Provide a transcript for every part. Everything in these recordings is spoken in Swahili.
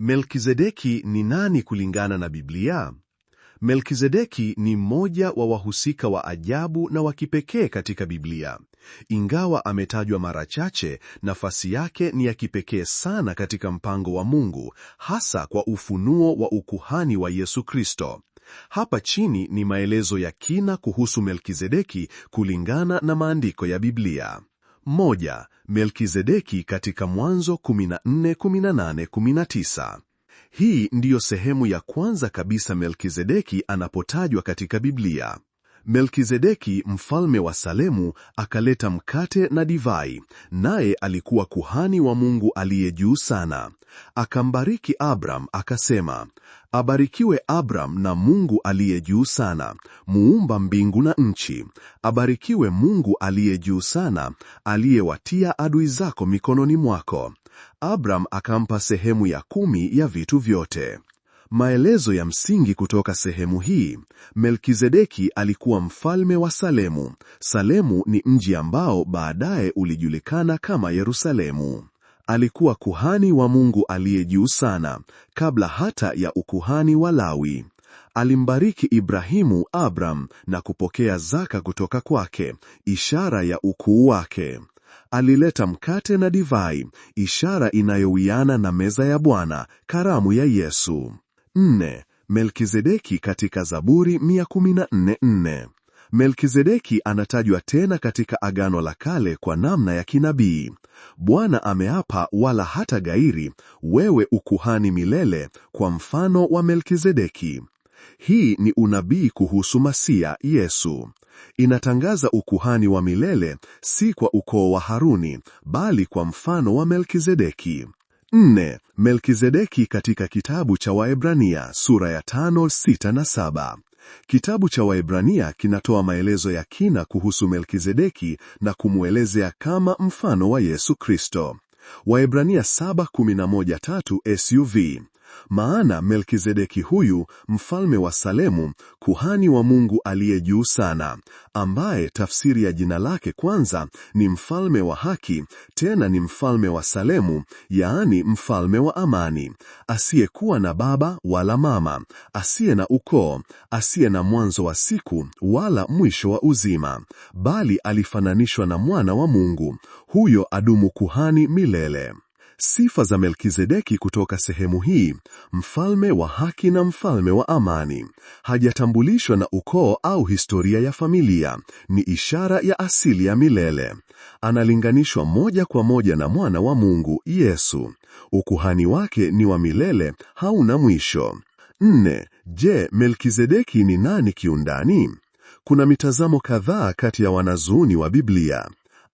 Melkizedeki ni nani kulingana na Biblia? Melkizedeki ni mmoja wa wahusika wa ajabu na wa kipekee katika Biblia. Ingawa ametajwa mara chache, nafasi yake ni ya kipekee sana katika mpango wa Mungu, hasa kwa ufunuo wa ukuhani wa Yesu Kristo. Hapa chini ni maelezo ya kina kuhusu Melkizedeki kulingana na maandiko ya Biblia. Moja, Melkizedeki katika Mwanzo 1418 19. Hii ndiyo sehemu ya kwanza kabisa Melkizedeki anapotajwa katika Biblia. Melkizedeki mfalme wa Salemu akaleta mkate na divai, naye alikuwa kuhani wa Mungu aliye juu sana. Akambariki Abram akasema, abarikiwe Abram na Mungu aliye juu sana, muumba mbingu na nchi. Abarikiwe Mungu aliye juu sana, aliyewatia adui zako mikononi mwako. Abram akampa sehemu ya kumi ya vitu vyote. Maelezo ya msingi kutoka sehemu hii. Melkizedeki alikuwa mfalme wa Salemu. Salemu ni mji ambao baadaye ulijulikana kama Yerusalemu. Alikuwa kuhani wa Mungu aliye juu sana, kabla hata ya ukuhani wa Lawi. Alimbariki Ibrahimu Abram na kupokea zaka kutoka kwake, ishara ya ukuu wake. Alileta mkate na divai, ishara inayowiana na meza ya Bwana, karamu ya Yesu. 4. Melkizedeki katika Zaburi 114:4. Melkizedeki anatajwa tena katika Agano la Kale kwa namna ya kinabii. Bwana ameapa wala hata gairi, wewe ukuhani milele kwa mfano wa Melkizedeki. Hii ni unabii kuhusu Masia Yesu. Inatangaza ukuhani wa milele si kwa ukoo wa Haruni, bali kwa mfano wa Melkizedeki. Nne, Melkizedeki katika kitabu cha Waebrania sura ya tano, sita na saba. Kitabu cha Waebrania kinatoa maelezo ya kina kuhusu Melkizedeki na kumwelezea kama mfano wa Yesu Kristo. Waebrania 7:11-3 SUV maana Melkizedeki huyu mfalme wa Salemu, kuhani wa Mungu aliye juu sana, ambaye tafsiri ya jina lake kwanza ni mfalme wa haki, tena ni mfalme wa Salemu, yaani mfalme wa amani, asiyekuwa na baba wala mama, asiye na ukoo, asiye na mwanzo wa siku wala mwisho wa uzima, bali alifananishwa na mwana wa Mungu, huyo adumu kuhani milele. Sifa za Melkizedeki kutoka sehemu hii: mfalme wa haki na mfalme wa amani. Hajatambulishwa na ukoo au historia ya familia, ni ishara ya asili ya milele. Analinganishwa moja kwa moja na mwana wa Mungu Yesu. Ukuhani wake ni wa milele, hauna mwisho. Nne, je, Melkizedeki ni nani kiundani? Kuna mitazamo kadhaa kati ya wanazuoni wa Biblia.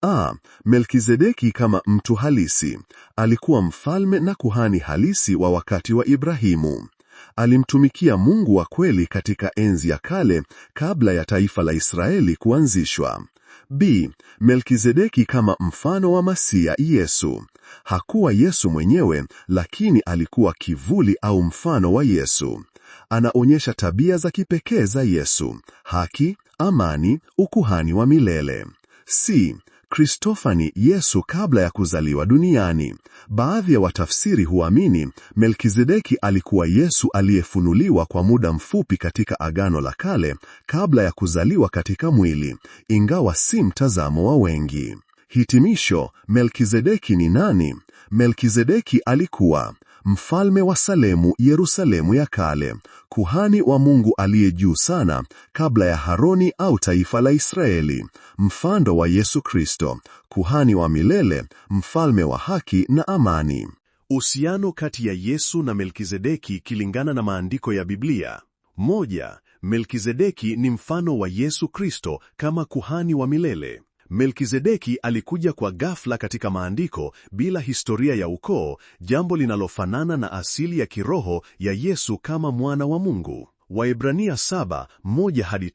Ah, Melkizedeki kama mtu halisi. Alikuwa mfalme na kuhani halisi wa wakati wa Ibrahimu. Alimtumikia Mungu wa kweli katika enzi ya kale kabla ya taifa la Israeli kuanzishwa. B. Melkizedeki kama mfano wa Masia Yesu. Hakuwa Yesu mwenyewe, lakini alikuwa kivuli au mfano wa Yesu. Anaonyesha tabia za kipekee za Yesu: haki, amani, ukuhani wa milele. C. Kristofani Yesu kabla ya kuzaliwa duniani. Baadhi ya watafsiri huamini Melkizedeki alikuwa Yesu aliyefunuliwa kwa muda mfupi katika Agano la Kale kabla ya kuzaliwa katika mwili, ingawa si mtazamo wa wengi. Hitimisho, Melkizedeki ni nani? Melkizedeki alikuwa mfalme wa Salemu, Yerusalemu ya kale, kuhani wa Mungu aliye juu sana, kabla ya Haroni au taifa la Israeli, mfando wa Yesu Kristo, kuhani wa milele, mfalme wa haki na amani. Uhusiano kati ya Yesu na Melkizedeki kilingana na maandiko ya Biblia. Moja, Melkizedeki ni mfano wa Yesu Kristo kama kuhani wa milele. Melkizedeki alikuja kwa ghafla katika maandiko bila historia ya ukoo, jambo linalofanana na asili ya kiroho ya Yesu kama mwana wa Mungu. Waebrania 7:1 hadi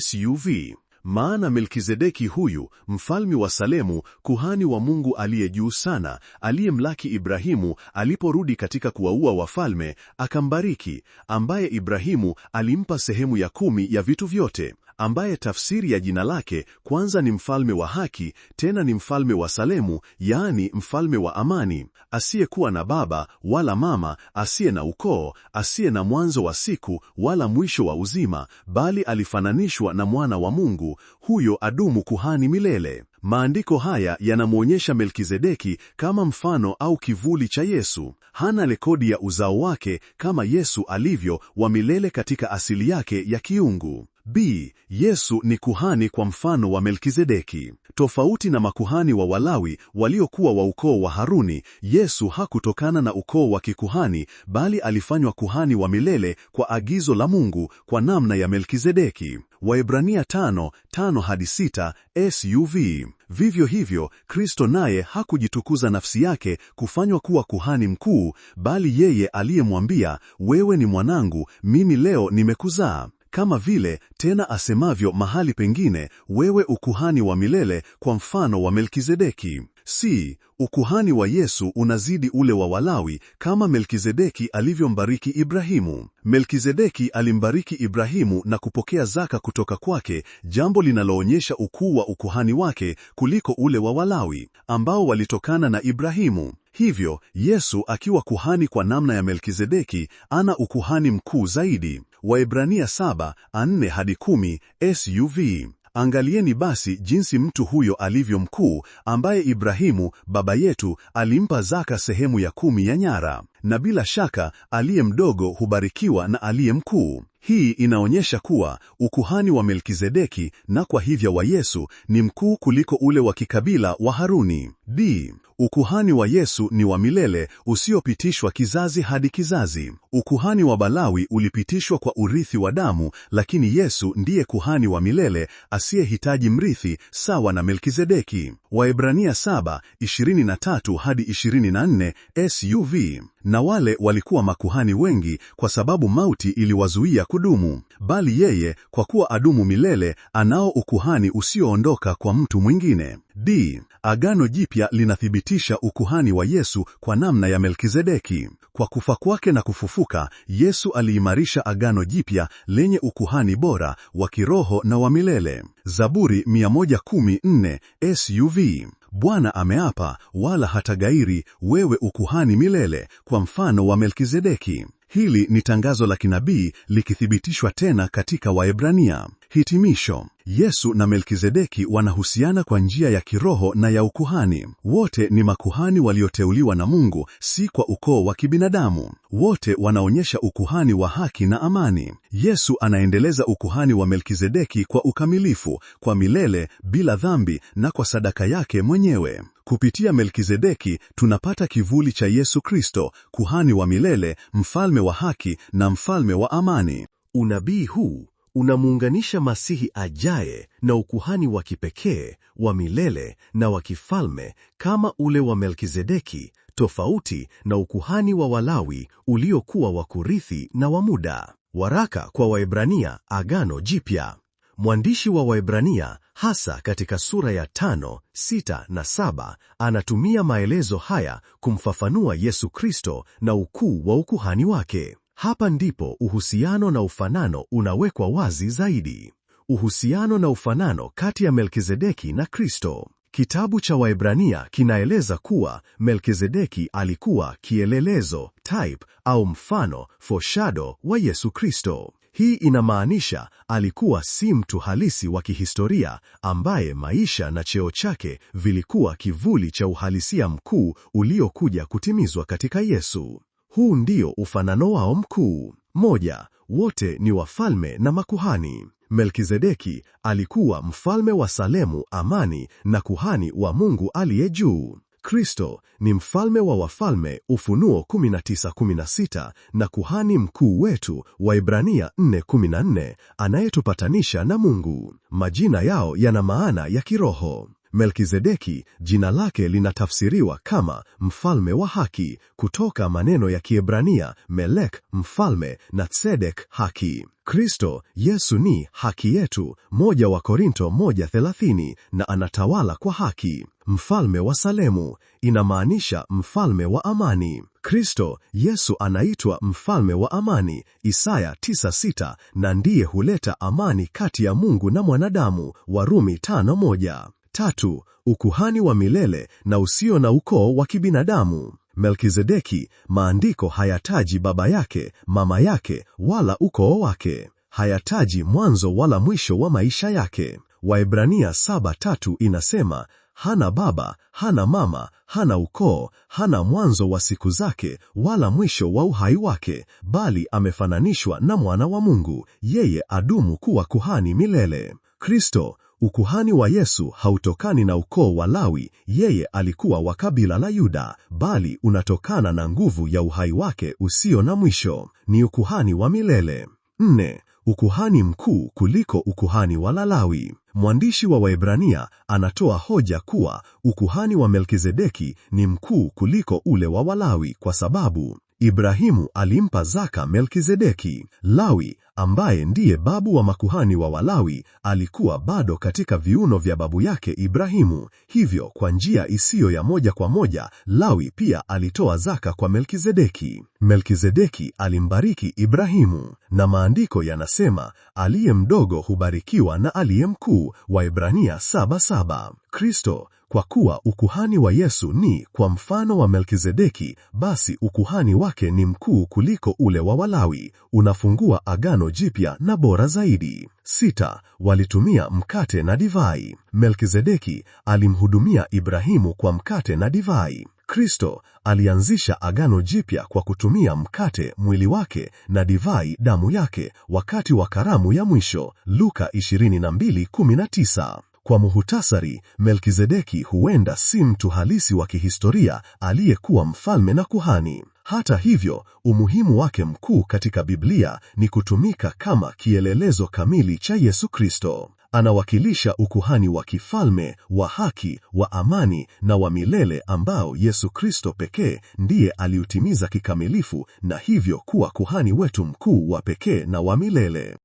SUV maana Melkizedeki huyu mfalme wa Salemu, kuhani wa Mungu aliye juu sana, aliyemlaki Ibrahimu aliporudi katika kuwaua wafalme, akambariki, ambaye Ibrahimu alimpa sehemu ya kumi ya vitu vyote ambaye tafsiri ya jina lake kwanza ni mfalme wa haki, tena ni mfalme wa Salemu, yaani mfalme wa amani, asiyekuwa na baba wala mama, asiye na ukoo, asiye na mwanzo wa siku wala mwisho wa uzima, bali alifananishwa na mwana wa Mungu, huyo adumu kuhani milele. Maandiko haya yanamwonyesha Melkizedeki kama mfano au kivuli cha Yesu. Hana rekodi ya uzao wake kama Yesu alivyo wa milele katika asili yake ya kiungu. B. Yesu ni kuhani kwa mfano wa Melkizedeki. Tofauti na makuhani wa Walawi waliokuwa wa ukoo wa Haruni, Yesu hakutokana na ukoo wa kikuhani, bali alifanywa kuhani wa milele kwa agizo la Mungu kwa namna ya Melkizedeki. Waebrania tano, tano hadi sita, SUV. Vivyo hivyo, Kristo naye hakujitukuza nafsi yake kufanywa kuwa kuhani mkuu, bali yeye aliyemwambia, wewe ni mwanangu, mimi leo nimekuzaa kama vile tena asemavyo mahali pengine, wewe ukuhani wa milele kwa mfano wa Melkizedeki. Si ukuhani wa Yesu unazidi ule wa Walawi kama Melkizedeki alivyombariki Ibrahimu. Melkizedeki alimbariki Ibrahimu na kupokea zaka kutoka kwake, jambo linaloonyesha ukuu wa ukuhani wake kuliko ule wa Walawi ambao walitokana na Ibrahimu. Hivyo Yesu akiwa kuhani kwa namna ya Melkizedeki ana ukuhani mkuu zaidi. Waebrania 7:4 hadi 10 SUV. Angalieni basi jinsi mtu huyo alivyo mkuu, ambaye Ibrahimu baba yetu alimpa zaka sehemu ya kumi ya nyara. Na bila shaka aliye mdogo hubarikiwa na aliye mkuu. Hii inaonyesha kuwa ukuhani wa Melkizedeki na kwa hivyo wa Yesu ni mkuu kuliko ule wa kikabila wa Haruni. D. Ukuhani wa Yesu ni wa milele usiopitishwa kizazi hadi kizazi. Ukuhani wa Balawi ulipitishwa kwa urithi wa damu, lakini Yesu ndiye kuhani wa milele asiyehitaji mrithi sawa na Melkizedeki. Waebrania 7:23 hadi 24 SUV. Na wale walikuwa makuhani wengi kwa sababu mauti iliwazuia kudumu, bali yeye kwa kuwa adumu milele, anao ukuhani usioondoka kwa mtu mwingine. D. Agano Jipya linathibitisha ukuhani wa Yesu kwa namna ya Melkizedeki. Kwa kufa kwake na kufufuka, Yesu aliimarisha agano jipya lenye ukuhani bora wa kiroho na wa milele. Zaburi 114 SUV. Bwana ameapa wala hatagairi, wewe ukuhani milele kwa mfano wa Melkizedeki. Hili ni tangazo la kinabii likithibitishwa tena katika Waebrania. Hitimisho: Yesu na Melkizedeki wanahusiana kwa njia ya kiroho na ya ukuhani. Wote ni makuhani walioteuliwa na Mungu, si kwa ukoo wa kibinadamu. Wote wanaonyesha ukuhani wa haki na amani. Yesu anaendeleza ukuhani wa Melkizedeki kwa ukamilifu, kwa milele, bila dhambi na kwa sadaka yake mwenyewe. Kupitia Melkizedeki tunapata kivuli cha Yesu Kristo, kuhani wa milele, mfalme wa haki na mfalme wa amani. Unabii huu unamuunganisha Masihi ajaye na ukuhani wa kipekee wa milele na wa kifalme kama ule wa Melkizedeki, tofauti na ukuhani wa Walawi uliokuwa wa kurithi na wa muda. Waraka kwa Waebrania, Agano Jipya. Mwandishi wa Waebrania hasa katika sura ya tano, sita na saba anatumia maelezo haya kumfafanua Yesu Kristo na ukuu wa ukuhani wake. Hapa ndipo uhusiano na ufanano unawekwa wazi zaidi. Uhusiano na ufanano kati ya Melkizedeki na Kristo. Kitabu cha Waebrania kinaeleza kuwa Melkizedeki alikuwa kielelezo, type au mfano, foreshadow wa Yesu Kristo. Hii inamaanisha alikuwa si mtu halisi wa kihistoria ambaye maisha na cheo chake vilikuwa kivuli cha uhalisia mkuu uliokuja kutimizwa katika Yesu. Huu ndio ufanano wao mkuu. Moja, wote ni wafalme na makuhani. Melkizedeki alikuwa mfalme wa Salemu, amani, na kuhani wa Mungu aliye juu. Kristo ni mfalme wa wafalme, Ufunuo 19:16, na kuhani mkuu wetu, wa Ibrania 4:14, anayetupatanisha na Mungu. Majina yao yana maana ya kiroho. Melkizedeki jina lake linatafsiriwa kama mfalme wa haki kutoka maneno ya Kiebrania melek, mfalme na tsedek haki. Kristo Yesu ni haki yetu, moja wa Korinto 1:30 na anatawala kwa haki. Mfalme wa Salemu inamaanisha mfalme wa amani. Kristo Yesu anaitwa mfalme wa amani, Isaya 9:6 na ndiye huleta amani kati ya Mungu na mwanadamu, Warumi 5:1. Tatu, ukuhani wa milele na usio na ukoo wa kibinadamu. Melkizedeki, maandiko hayataji baba yake, mama yake, wala ukoo wake. Hayataji mwanzo wala mwisho wa maisha yake. Waebrania saba tatu inasema hana baba, hana mama, hana ukoo, hana mwanzo wa siku zake wala mwisho wa uhai wake, bali amefananishwa na mwana wa Mungu, yeye adumu kuwa kuhani milele. Kristo Ukuhani wa Yesu hautokani na ukoo wa Lawi, yeye alikuwa wa kabila la Yuda, bali unatokana na nguvu ya uhai wake usio na mwisho. Ni ukuhani wa milele. Nne, ukuhani mkuu kuliko ukuhani wa Lalawi. Mwandishi wa Waebrania anatoa hoja kuwa ukuhani wa Melkizedeki ni mkuu kuliko ule wa Walawi kwa sababu Ibrahimu alimpa zaka Melkizedeki. Lawi ambaye ndiye babu wa makuhani wa Walawi alikuwa bado katika viuno vya babu yake Ibrahimu. Hivyo kwa njia isiyo ya moja kwa moja, Lawi pia alitoa zaka kwa Melkizedeki. Melkizedeki alimbariki Ibrahimu, na maandiko yanasema aliye mdogo hubarikiwa na aliye mkuu, Waebrania 7:7. Kristo kwa kuwa ukuhani wa Yesu ni kwa mfano wa Melkizedeki, basi ukuhani wake ni mkuu kuliko ule wa Walawi, unafungua agano jipya na bora zaidi. Sita, walitumia mkate na divai. Melkizedeki alimhudumia Ibrahimu kwa mkate na divai. Kristo alianzisha agano jipya kwa kutumia mkate mwili wake na divai damu yake wakati wa karamu ya mwisho Luka 22:19. Kwa muhutasari, Melkizedeki huenda si mtu halisi wa kihistoria aliyekuwa mfalme na kuhani. Hata hivyo, umuhimu wake mkuu katika Biblia ni kutumika kama kielelezo kamili cha Yesu Kristo. Anawakilisha ukuhani wa kifalme, wa haki, wa amani na wa milele ambao Yesu Kristo pekee ndiye aliutimiza kikamilifu na hivyo kuwa kuhani wetu mkuu wa pekee na wa milele.